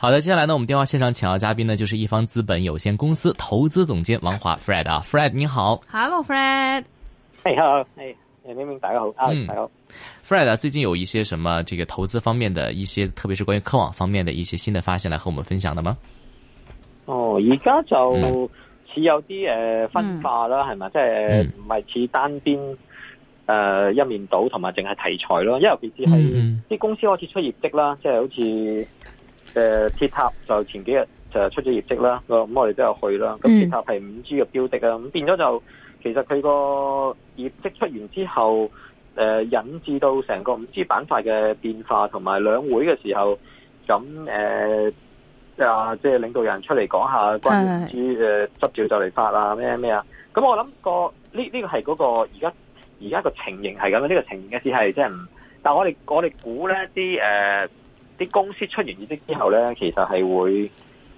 好的，接下來呢，我們電話線上請到嘉賓呢，就是一方資本有限公司投資總監王華 （Fred） 啊，Fred，你好，Hello，Fred，h 哎呦，哎，hey, hey, 明明大家好，嗯，你好，Fred，、啊、最近有一些什麼這個投資方面的一些，特別是關於科網方面的一些新的發現，來和我們分享的嗎？哦，而家就似有啲誒、嗯呃、分化啦，係咪？即係唔係似單邊誒、呃、一面倒，同埋淨係題材咯，因為平時係啲公司開始出業績啦，即、就、係、是、好似。誒、呃，鐵塔就前幾日就出咗業績啦，咁我哋都有去啦。咁鐵塔係五 G 嘅標的啊，咁、嗯、變咗就其實佢個業績出完之後，誒、呃、引致到成個五 G 板塊嘅變化，同埋兩會嘅時候，咁誒啊，即、呃、係、呃就是、領導人出嚟講下關於五 G 嘅執照就嚟發啊，咩咩啊。咁我諗、這個呢呢、這個係嗰、那個而家而家個情形係咁，呢個情形嘅事係即係唔，但係我哋我哋估咧啲誒。啲公司出完業績之後呢，其實係會誒、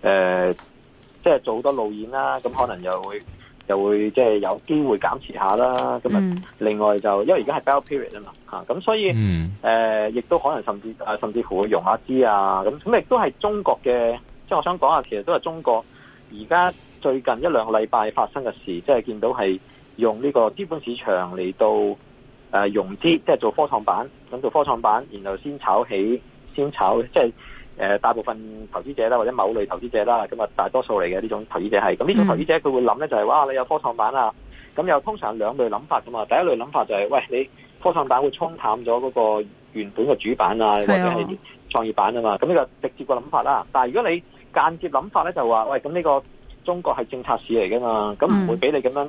呃，即係做好多路演啦。咁可能又會又會即係、就是、有機會減持下啦。咁啊，另外就、mm. 因為而家係 bell period 啊嘛，嚇咁所以誒、mm. 呃，亦都可能甚至啊，甚至乎會融下資啊咁。咁亦都係中國嘅，即係我想講下，其實都係中國而家最近一兩個禮拜發生嘅事，即係見到係用呢個資本市場嚟到融資，即係做科創板，咁做科創板，然後先炒起。先炒，即係誒大部分投資者啦，或者某類投資者啦，咁啊大多數嚟嘅呢種投資者係，咁呢種投資者佢會諗咧就係、是、哇你有科創板啊，咁又通常有兩類諗法㗎嘛，第一類諗法就係、是、喂你科創板會沖淡咗嗰個原本嘅主板啊，或者係創業板啊嘛，咁呢個直接個諗法啦，但係如果你間接諗法咧就話喂咁呢個中國係政策市嚟㗎嘛，咁唔會俾你咁樣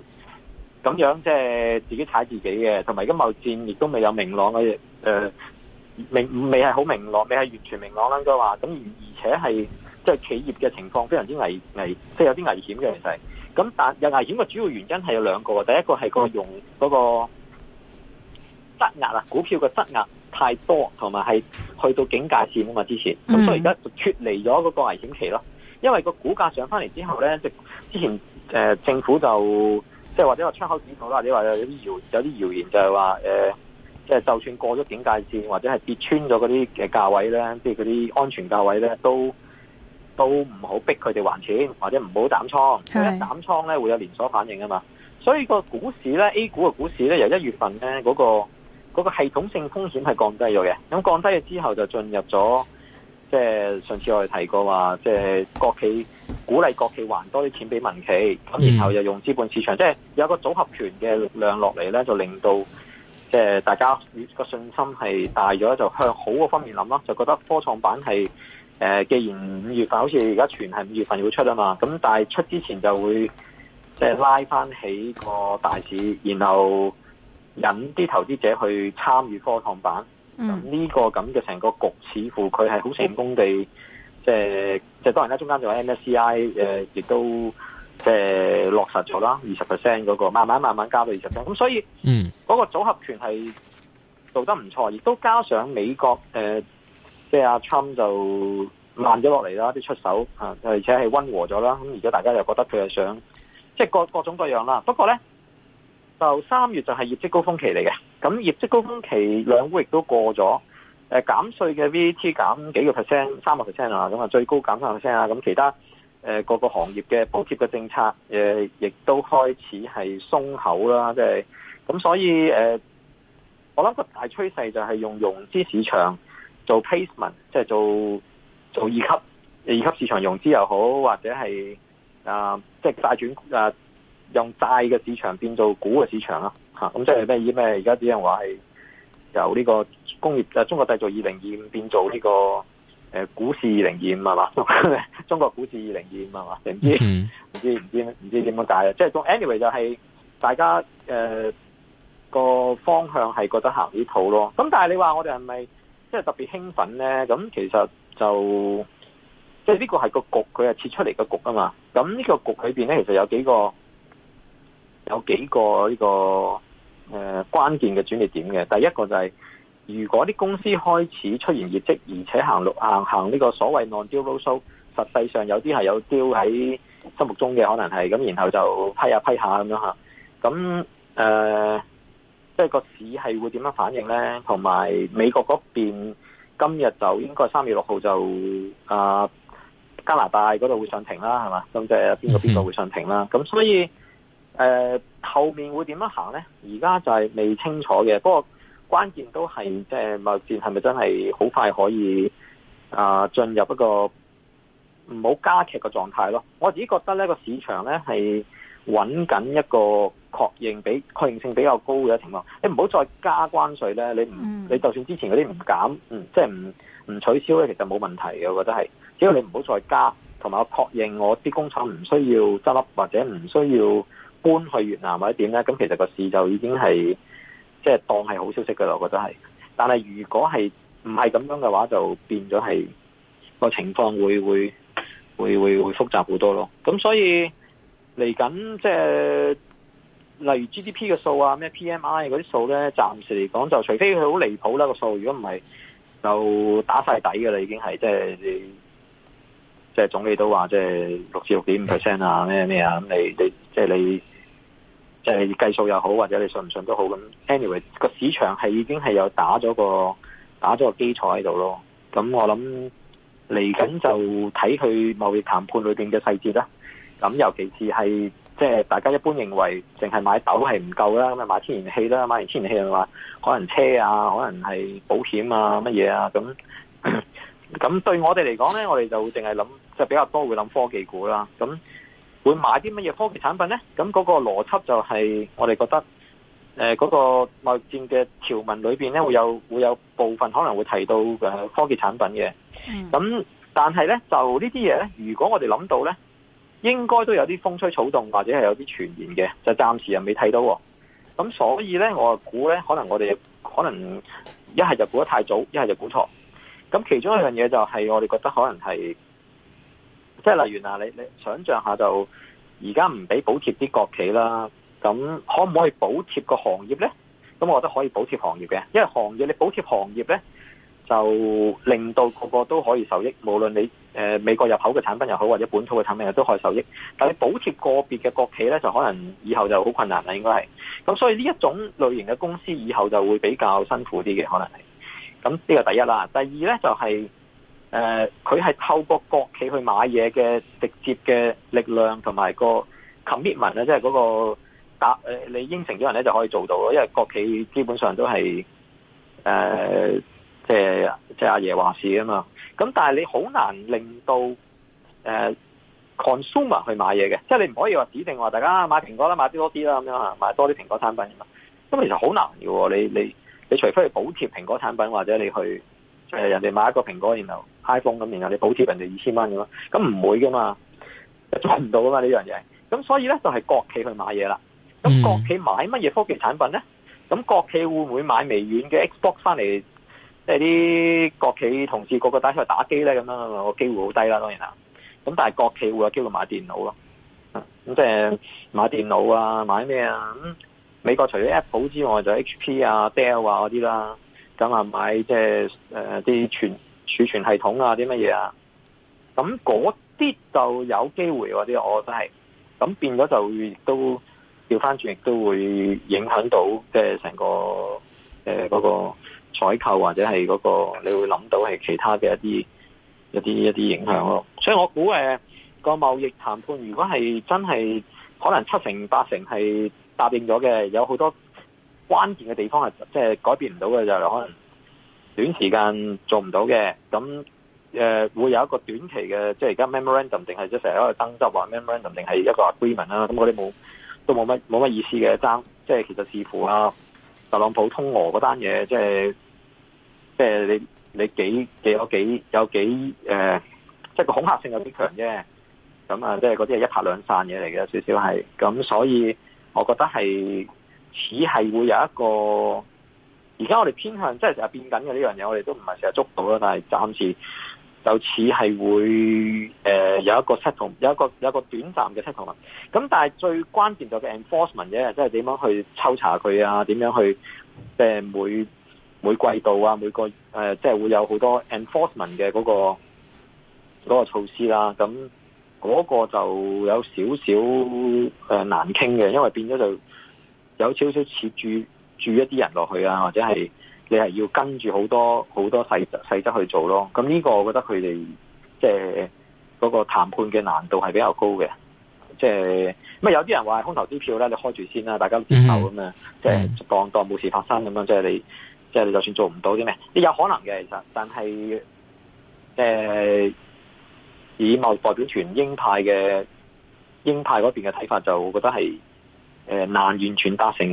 咁、嗯、樣即係、就是、自己踩自己嘅，同埋而家貿易戰亦都未有明朗嘅誒。嗯未未係好明朗，未係完全明朗啦。應該話，咁而而且係即係企業嘅情況非常之危危，即係有啲危險嘅其實。咁但有危險嘅主要原因係有兩個，第一個係個用嗰個質押啊，股票嘅質押太多，同埋係去到警戒線啊嘛。之前，咁所以而家就脫離咗嗰個危險期咯。因為個股價上翻嚟之後咧，即之前誒、呃、政府就即係或者話窗口指導啦，或者話有啲謠有啲謠言就係話誒。呃即係就算過咗警戒線，或者係跌穿咗嗰啲嘅價位咧，即係嗰啲安全價位咧，都都唔好逼佢哋還錢，或者唔好斬倉，因為斬倉咧會有連鎖反應啊嘛。所以個股市咧，A 股嘅股市咧，由一月份咧嗰、嗰個、嗰個系統性風險係降低咗嘅。咁降低咗之後就進入了，就進入咗，即係上次我哋提過的話，即係國企鼓勵國企還多啲錢俾民企，咁然後又用資本市場，即係、嗯、有個組合拳嘅力量落嚟，咧，就令到。即係大家個信心係大咗，就向好嗰方面諗咯，就覺得科創板係誒，既然五月份好似而家全係五月份要出啊嘛，咁但係出之前就會即係拉翻起個大市，然後引啲投資者去參與科創板。咁、嗯、呢、呢個咁嘅成個局，似乎佢係好成功地，即係即係當然啦，中間仲有 MSCI 誒，亦都。即、呃、落實咗啦，二十 percent 嗰個，慢慢慢慢加到二十 percent，咁所以嗰、嗯那個組合權係做得唔錯，亦都加上美國誒、呃，即係阿 Trump 就慢咗落嚟啦，啲出手吓、啊，而且係溫和咗啦。咁、啊、而家大家又覺得佢係想，即、就、係、是、各各種各樣啦。不過咧，就三月就係業績高峰期嚟嘅，咁業績高峰期兩股亦都過咗，誒減稅嘅 VAT 減幾個 percent，三個 percent 啊，咁啊最高減三 percent 啊，咁其他。誒，各個行業嘅補貼嘅政策，誒，亦都開始係鬆口啦，即係咁，咁所以誒，我諗個大趨勢就係用融資市場做 placement，即係做做二級二級市場融資又好，或者係啊，即係債轉啊，用債嘅市場變做股嘅市場啦，吓，咁即係咩？以咩？而家只能話係由呢個工業，誒，中國製造二零二五變做呢、這個。誒股市二零二五啊嘛， 中國股市二零二五啊嘛，唔知唔、mm-hmm. 知唔知唔知點樣解啊！即係咁，anyway 就係大家誒、呃、個方向係覺得行呢套咯。咁但係你話我哋係咪即係特別興奮咧？咁其實就即係呢、這個係個局，佢係設出嚟個局啊嘛。咁呢個局裏邊咧，其實有幾個有幾個呢、這個誒、呃、關鍵嘅轉折點嘅。第一個就係、是。如果啲公司開始出現業績，而且行行行呢個所謂 non-deal road show，實際上有啲係有 deal 喺心目中嘅，可能係咁，然後就批，一批一下批下咁樣嚇。咁誒，即係個市係會點樣反應咧？同埋美國嗰邊今日就應該三月六號就啊加拿大嗰度會上庭啦，係嘛？咁即係邊個邊個會上庭啦？咁所以誒、呃、後面會點樣行咧？而家就係未清楚嘅，不過。關鍵都係即係貿易戰係咪真係好快可以啊進入一個唔好加劇嘅狀態咯？我自己覺得呢個市場呢，係揾緊一個確認比確認性比較高嘅情況。你唔好再加關稅呢，你唔你就算之前嗰啲唔減，嗯，即係唔唔取消呢，其實冇問題嘅。我覺得係，只要你唔好再加，同埋我確認我啲工廠唔需要執笠或者唔需要搬去越南或者點呢，咁其實個市就已經係。即係當係好消息嘅啦，我覺得係。但係如果係唔係咁樣嘅話，就變咗係，個情況會會會會會複雜好多咯。咁所以嚟緊即係例如 GDP 嘅數啊，咩 PMI 嗰啲數咧，暫時嚟講就除非佢好離譜啦個數，如果唔係就打晒底嘅啦，已經係即係即係總理都話即係六至六點五 percent 啊，咩咩啊咁你你即係你。你即你就係計數又好，或者你信唔信都好咁。anyway，個市場係已經係有打咗個打咗個基礎喺度咯。咁我諗嚟緊就睇佢貿易談判裏邊嘅細節啦。咁尤其是係即係大家一般認為淨係買豆係唔夠啦，咁啊買天然氣啦，買完天然氣又話可能車啊，可能係保險啊乜嘢啊咁。咁 對我哋嚟講咧，我哋就淨係諗即係比較多會諗科技股啦。咁。會買啲乜嘢科技產品呢？咁嗰個邏輯就係我哋覺得，誒嗰個貿易戰嘅條文裏邊咧會有會有部分可能會提到嘅科技產品嘅。咁但係呢，就呢啲嘢呢，如果我哋諗到呢，應該都有啲風吹草動或者係有啲傳言嘅，就暫時又未睇到。咁所以呢，我估呢，可能我哋可能一係就估得太早，一係就估錯。咁其中一樣嘢就係我哋覺得可能係。即係例如嗱，你你想象下就而家唔俾補貼啲國企啦，咁可唔可以補貼個行業呢？咁我覺得可以補貼行業嘅，因為行業你補貼行業呢，就令到個個都可以受益，無論你誒美國入口嘅產品又好，或者本土嘅產品又好，都可以受益。但係補貼個別嘅國企呢，就可能以後就好困難啦，應該係。咁所以呢一種類型嘅公司以後就會比較辛苦啲嘅，可能係。咁呢個第一啦，第二呢，就係、是。誒、呃，佢係透過國企去買嘢嘅直接嘅力量同埋個 commitment 啊，即係嗰個答、呃、你應承咗人咧就可以做到咯。因為國企基本上都係誒，即係即係阿爺話事啊嘛。咁但係你好難令到誒、呃、consumer 去買嘢嘅，即係你唔可以話指定話大家買蘋果啦，買多啲啦咁樣啊，買多啲蘋果產品嘛。咁其實好難嘅喎，你你你除非去補貼蘋果產品或者你去。誒，人哋買一個蘋果，然後 iPhone 咁，然後你補貼人哋二千蚊咁樣，咁唔會噶嘛，就做唔到㗎嘛呢樣嘢。咁所以咧，就係國企去買嘢啦。咁國企買乜嘢科技產品咧？咁國企會唔會買微軟嘅 Xbox 翻嚟，即係啲國企同事個個打出嚟打機咧？咁樣個機會好低啦，當然啦。咁但係國企會有機會買電腦咯。咁即係買電腦啊，買咩啊？美國除咗 Apple 之外，就 HP 啊、Dell 啊嗰啲啦。咁啊、就是，買即係誒啲存儲存系統啊，啲乜嘢啊，咁嗰啲就有機會嗰啲，那我真係咁變咗就都調翻轉，亦都會影響到即係成個誒、呃嗰個採購或者係嗰、嗰個你會諗到係其他嘅一啲一啲一啲影響咯。所以我估誒、呃嗰個貿易談判如果係真係可能七成八成係答應咗嘅，有好多。關鍵嘅地方係即係改變唔到嘅就係、是、可能短時間做唔到嘅，咁誒、呃、會有一個短期嘅，即係而家 memorandum 定係即係成日喺度爭執話 memorandum 定係一個 agreement 啦，咁嗰啲冇都冇乜冇乜意思嘅爭，即係、就是、其實似乎啊特朗普通俄嗰單嘢，即係即係你你幾幾有幾有幾誒，即係個恐嚇性有啲強啫，咁啊即係嗰啲係一拍兩散嘢嚟嘅，少少係，咁所以我覺得係。似係會有一個，而家我哋偏向即係成日變緊嘅呢樣嘢，我哋都唔係成日捉到啦。但係暫時就似係會誒、呃、有一個 settle，有一個有個短暫嘅 settlement 啦。咁但係最關鍵就係 enforcement 啫，即係點樣去抽查佢啊？點樣去即係每每季度啊？每個誒即係會有好多 enforcement 嘅嗰個嗰個措施啦。咁嗰個就有少少誒難傾嘅，因為變咗就。有少少似住住一啲人落去啊，或者係你係要跟住好多好多細細則去做咯。咁呢個我覺得佢哋即係嗰個談判嘅難度係比較高嘅。即係咁有啲人話空頭支票咧，你開住先啦，大家接受咁樣，mm-hmm. 即係當當冇事發生咁樣。即係你即係你就算做唔到啲咩，你有可能嘅其實，但係誒、呃、以貿代表團鷹派嘅鷹派嗰邊嘅睇法，就我覺得係。誒，難完全達成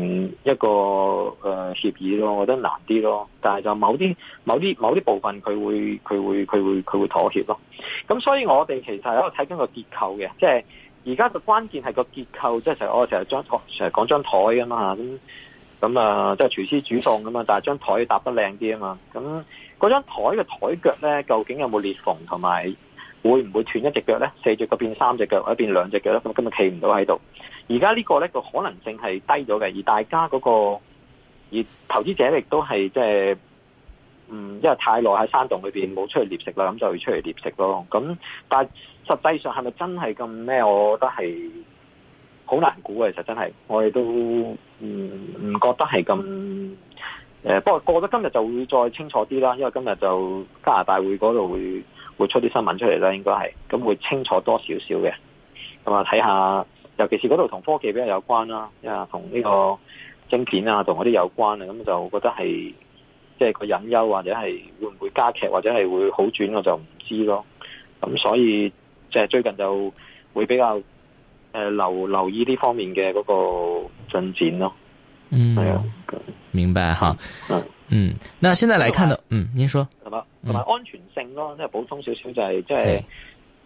一個誒協議咯，我覺得難啲咯。但係就某啲某啲某啲部分會，佢會佢會佢會佢會妥協咯。咁所以我哋其實喺度睇緊個結構嘅，即係而家個關鍵係個結構，即係成我成日張成日講張台㗎嘛，咁咁啊，即係廚師煮餸㗎嘛，但係張台搭得靚啲啊嘛，咁嗰張台嘅台腳咧，究竟有冇裂縫同埋？會唔會斷一隻腳咧？四隻腳變三隻腳，或者變兩隻腳咧？咁根本企唔到喺度。而家呢個咧個可能性係低咗嘅，而大家嗰、嗰個而投資者亦都係即係，嗯，因為太耐喺山洞裏邊冇出去獵食啦，咁就要出嚟獵食咯。咁但實際上係咪真係咁咩？我覺得係好難估嘅，其實真係我哋都唔唔、嗯、覺得係咁。誒、呃，不過過咗今日就會再清楚啲啦，因為今日就加拿大會嗰度會。會出啲新聞出嚟啦，應該係咁會清楚多少少嘅，咁啊，睇下，尤其是嗰度同科技比較有關啦，因為同呢個晶片啊同嗰啲有關啊，咁就覺得係即係個隱憂，或者係會唔會加劇，或者係會好轉，我就唔知咯。咁所以即係最近就會比較誒留留意呢方面嘅嗰個進展咯。嗯，係啊，明白哈。嗯。嗯，那現在來看到，嗯，您說係嘛，同埋安全性咯，即係補充少少就係、是就是，即係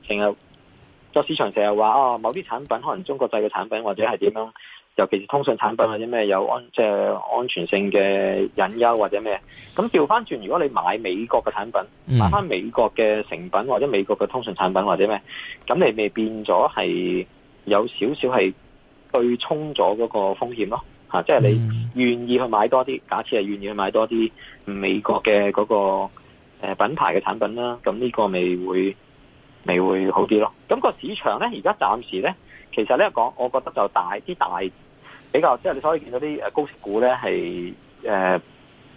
成日個市場成日話啊，某啲產品可能中國製嘅產品或者係點樣，尤其是通訊產品或者咩有安即係、就是、安全性嘅隱憂或者咩？咁調翻轉，如果你買美國嘅產品，嗯、買翻美國嘅成品或者美國嘅通訊產品或者咩，咁你咪變咗係有少少係對沖咗嗰個風險咯。即係你願意去買多啲，假設係願意去買多啲美國嘅嗰個品牌嘅產品啦，咁呢個咪會未會好啲咯。咁、那個市場咧，而家暫時咧，其實咧講，我覺得就大啲大比較，即、就、係、是、你所以見到啲高息股咧，係、呃、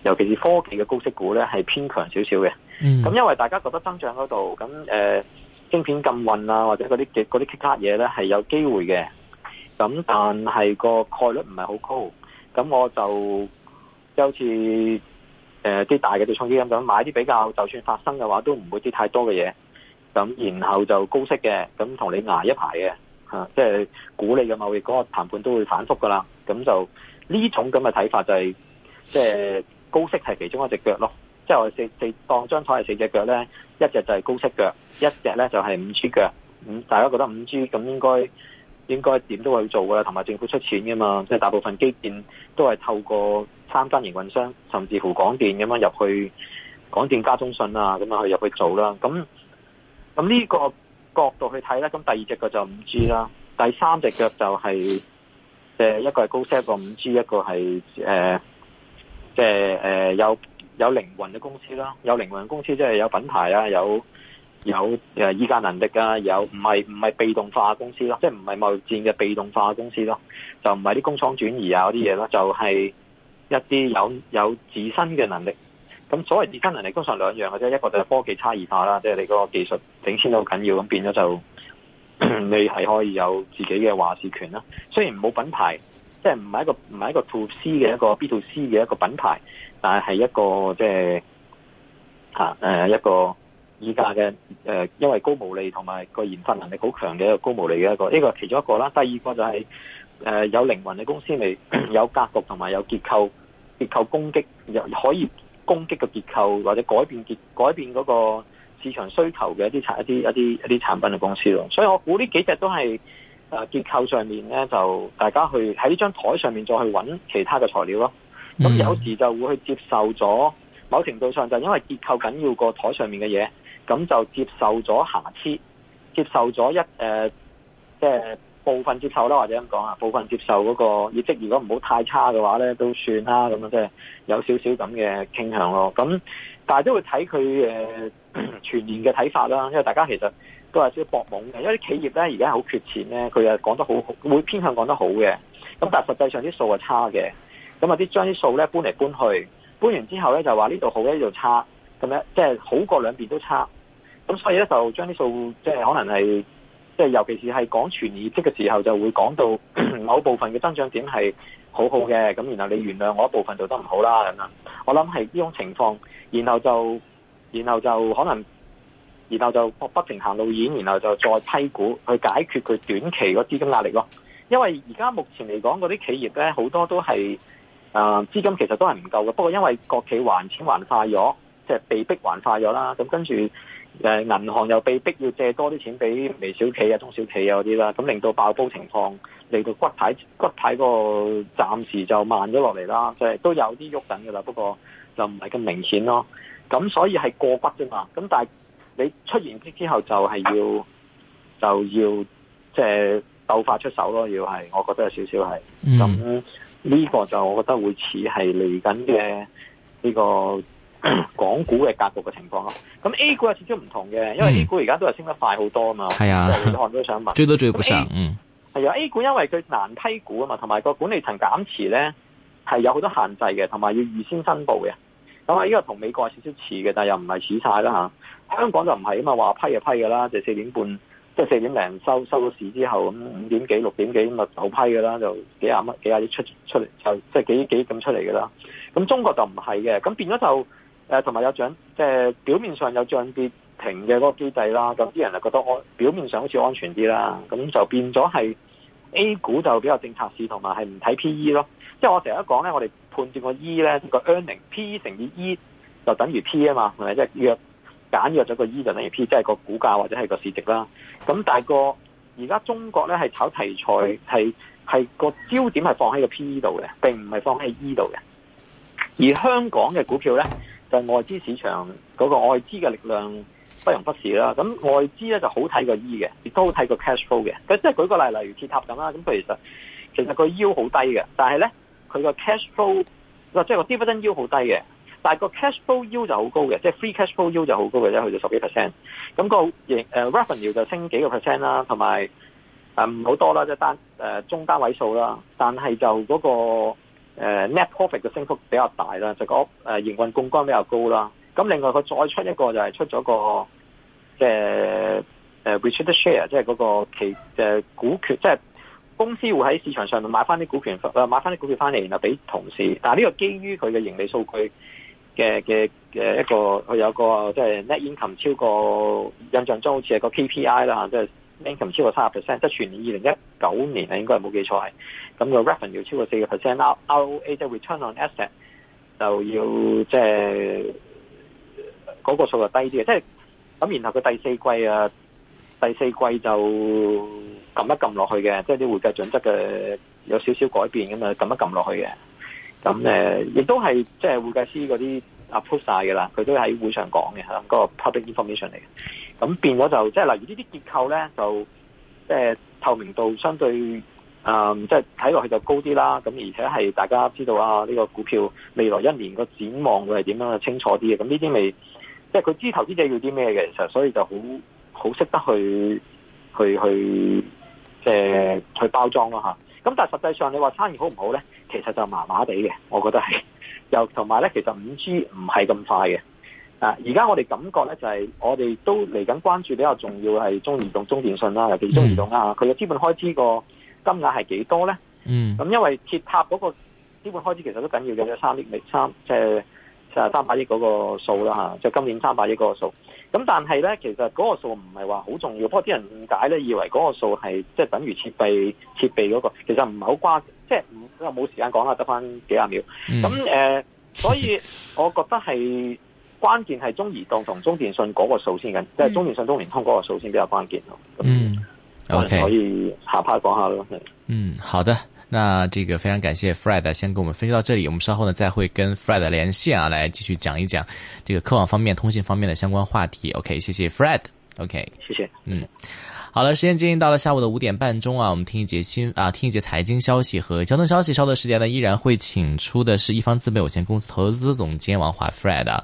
尤其是科技嘅高息股咧，係偏強少少嘅。咁、嗯、因為大家覺得增長嗰度，咁誒、呃、晶片禁運啊，或者嗰啲嘅嗰啲其他嘢咧，係有機會嘅。咁但係個概率唔係好高，咁我就有次誒啲大嘅對沖咁，買啲比較就算發生嘅話，都唔會跌太多嘅嘢。咁然後就高息嘅，咁同你挨一排嘅吓，即、啊、係、就是、鼓勵嘅嘛。貿易嗰個談判都會反覆噶啦。咁就呢種咁嘅睇法就係即係高息係其中一隻腳咯。即、就、係、是、四當四當張枱係四隻腳咧，一隻就係高息腳，一隻咧就係五 G 腳。咁大家覺得五 G 咁應該？應該點都會去做㗎啦，同埋政府出錢㗎嘛，即係大部分基建都係透過三間營運商，甚至乎廣電咁樣入去廣電加中信啊，咁樣去入去做啦。咁咁呢個角度去睇咧，咁第二隻腳就五 g 啦，第三隻腳就係誒一個係高階個五 g 一個係誒即係誒有有靈魂嘅公司啦，有靈魂嘅公司即係有品牌啊，有。有誒依、就是、家能力啊，有唔係唔係被動化公司咯、啊，即係唔係貿易戰嘅被動化公司咯、啊，就唔係啲工廠轉移啊嗰啲嘢咯，就係、是、一啲有有自身嘅能力。咁所謂自身能力，通常兩樣嘅啫，一個就係科技差異化啦、啊，即、就、係、是、你個技術整先都好緊要，咁變咗就你係可以有自己嘅話事權啦、啊。雖然冇品牌，即係唔係一個唔係一個 B to C 嘅一個 B to C 嘅一個品牌，但係係一個即係嚇誒一個。就是啊呃一個以價嘅誒，因為高毛利同埋個研發能力好強嘅一個高毛利嘅一個，呢個係其中一個啦。第二個就係誒有靈魂嘅公司嚟，有格局同埋有結構，結構攻擊又可以攻擊個結構或者改變結改變嗰個市場需求嘅一啲產一啲一啲一啲產品嘅公司咯。所以我估呢幾隻都係誒結構上面咧，就大家去喺呢張台上面再去揾其他嘅材料咯。咁有時就會去接受咗某程度上就因為結構緊要過台上面嘅嘢。咁就接受咗瑕疵，接受咗一誒，即、呃、係、就是、部分接受啦，或者咁講啊，部分接受嗰個業績。如果唔好太差嘅話咧，都算啦。咁樣即係有少少咁嘅傾向咯。咁但係都會睇佢誒全年嘅睇法啦。因為大家其實都係少少搏懵嘅，因為啲企業咧而家好缺錢咧，佢又講得好好，會偏向講得好嘅。咁但係實際上啲數係差嘅。咁啊啲將啲數咧搬嚟搬去，搬完之後咧就話呢度好，呢度差，咁樣即係好過兩邊都差。咁所以咧就將啲數即係可能係即係尤其是係講全業績嘅時候，就會講到 某部分嘅增長點係好好嘅，咁然後你原諒我一部分做得唔好啦，咁樣，我諗係呢種情況，然後就然後就可能，然後就不停行路演，然後就再批股去解決佢短期個資金壓力咯。因為而家目前嚟講，嗰啲企業咧好多都係誒資金其實都係唔夠嘅，不過因為國企還錢還快咗，即係被逼還快咗啦，咁跟住。誒，銀行又被逼要借多啲錢俾微小企啊、中小企啊嗰啲啦，咁令到爆煲情況，嚟到骨牌骨牌個暫時就慢咗落嚟啦，即係都有啲喐緊噶啦，不過就唔係咁明顯咯。咁所以係過骨啫嘛。咁但係你出完之之後就係要，要就要即係鬥法出手咯，要係，我覺得有少少係。咁呢個就我覺得會似係嚟緊嘅呢個。港股嘅格局嘅情況啊，咁 A 股有少少唔同嘅，因為 A 股而家都係升得快好多啊嘛。係、嗯、啊，好多人都想問追都追唔上，啊、嗯。A 股因為佢難批股啊嘛，同埋個管理層減持咧係有好多限制嘅，同埋要預先申報嘅。咁啊，呢個同美國有少少似嘅，但又唔係似曬啦嚇，香港就唔係啊嘛，話批就批嘅啦，就四、是、點半即係四點零、就是、收收咗市之後，咁五點幾六點幾咁啊就批嘅啦，就幾廿蚊幾廿啲出出嚟就即係幾幾咁出嚟嘅啦。咁中國就唔係嘅，咁變咗就。誒同埋有漲，即係表面上有漲跌停嘅嗰個機制啦，咁啲人就覺得我表面上好似安全啲啦，咁就變咗係 A 股就比較政策市，同埋係唔睇 P E 咯。即係我成日都講咧，我哋判斷個 E 咧個 earning，P E 乘以 E 就等於 P 啊嘛，係咪即係約簡約咗個 E 就等於 P，即係個股價或者係個市值啦。咁但係個而家中國咧係炒題材係個焦點係放喺個 P E 度嘅，並唔係放喺 E 度嘅。而香港嘅股票咧，就是、外資市場嗰、那個外資嘅力量不容忽視啦。咁外資咧就好睇個 E 嘅，亦都好睇個 cash flow 嘅。佢即係舉個例，例如鐵塔咁啦。咁其實其實個 yield 好低嘅，但係咧佢個 cash flow，即係個 dividend yield 好低嘅，但係個 cash flow yield 就好高嘅，即、就、係、是、free cash flow yield 就好高嘅，啫。去到十幾 percent。咁、那個 revenue 就升幾個 percent 啦，同埋誒唔好多啦，即係單誒、呃、中單位數啦。但係就嗰、那個。誒 net profit 嘅升幅比較大啦，就講誒營運槓桿比較高啦。咁另外佢再出一個就係出咗個即係誒 retained share，即係嗰、嗰個期股權，即係公司會喺市場上買翻啲股權，誒買翻啲股票翻嚟，然後俾同事。但係呢個基於佢嘅盈利數據嘅嘅嘅一個，佢有個即係、就是、net income 超過印象中好似係個 KPI 啦，即係。income 超過三十 percent，即係全年二零一九年啊，應該係冇記錯係。咁、那個 revenue 要超過四個 percent，那 ROA 即係 return on asset 就要即係嗰個數低就低啲嘅。即係咁，然後佢第四季啊，第四季就撳一撳落去嘅，即係啲會計準則嘅有少少改變咁啊，撳一撳落去嘅。咁誒，亦、呃、都係即係會計師嗰啲 approve 曬㗎啦，佢都喺會上講嘅，咁咪嗰個 public information 嚟嘅？咁變咗就即係，例如呢啲結構咧，就即係、呃、透明度相對，即係睇落去就高啲啦。咁而且係大家知道啊，呢、呢個股票未來一年個展望會係點樣，清楚啲嘅。咁呢啲咪即係佢知投資者要啲咩嘅，其實所以就好好識得去去去，即係、呃、去包裝咯下。咁但係實際上你話生意好唔好咧？其實就麻麻地嘅，我覺得係。又同埋咧，其實五 G 唔係咁快嘅。啊！而家我哋感覺呢，就係、是、我哋都嚟緊關注比較重要係中移動、中電信啦、啊，尤其是中移動啊。佢、mm. 嘅資本開支個金額係幾多呢？嗯、mm. 啊。咁因為鐵塔嗰個資本開支其實都緊要嘅，有三億三，即係三三百億嗰個數啦、啊、就今年三百億個數。咁、啊、但係呢，其實嗰個數唔係話好重要。不過啲人誤解呢，以為嗰個數係即係等於設備設備嗰、那個，其實唔係好關。即係冇時間講啦，得返幾廿秒。咁、mm. 啊、所以我覺得係。關鍵係中移動同中電信嗰個數先緊，即、嗯、係、就是、中電信、中聯通嗰個數先比較關鍵嗯，嗯，O、okay. K，可以下 part 講下嗯，好的，那這個非常感謝 Fred 先跟我們分析到這裏，我們稍後呢再會跟 Fred 連線啊，來繼續講一講這個科網方面、通信方面的相關話題。O、okay, K，謝謝 Fred。O K，謝謝。嗯，好了，時間接近到了下午的五點半鐘啊，我們聽一節新啊，聽一節財經消息和交通消息。稍後的時間呢，依然會請出的是一方資本有限公司投資總監王華 Fred、啊。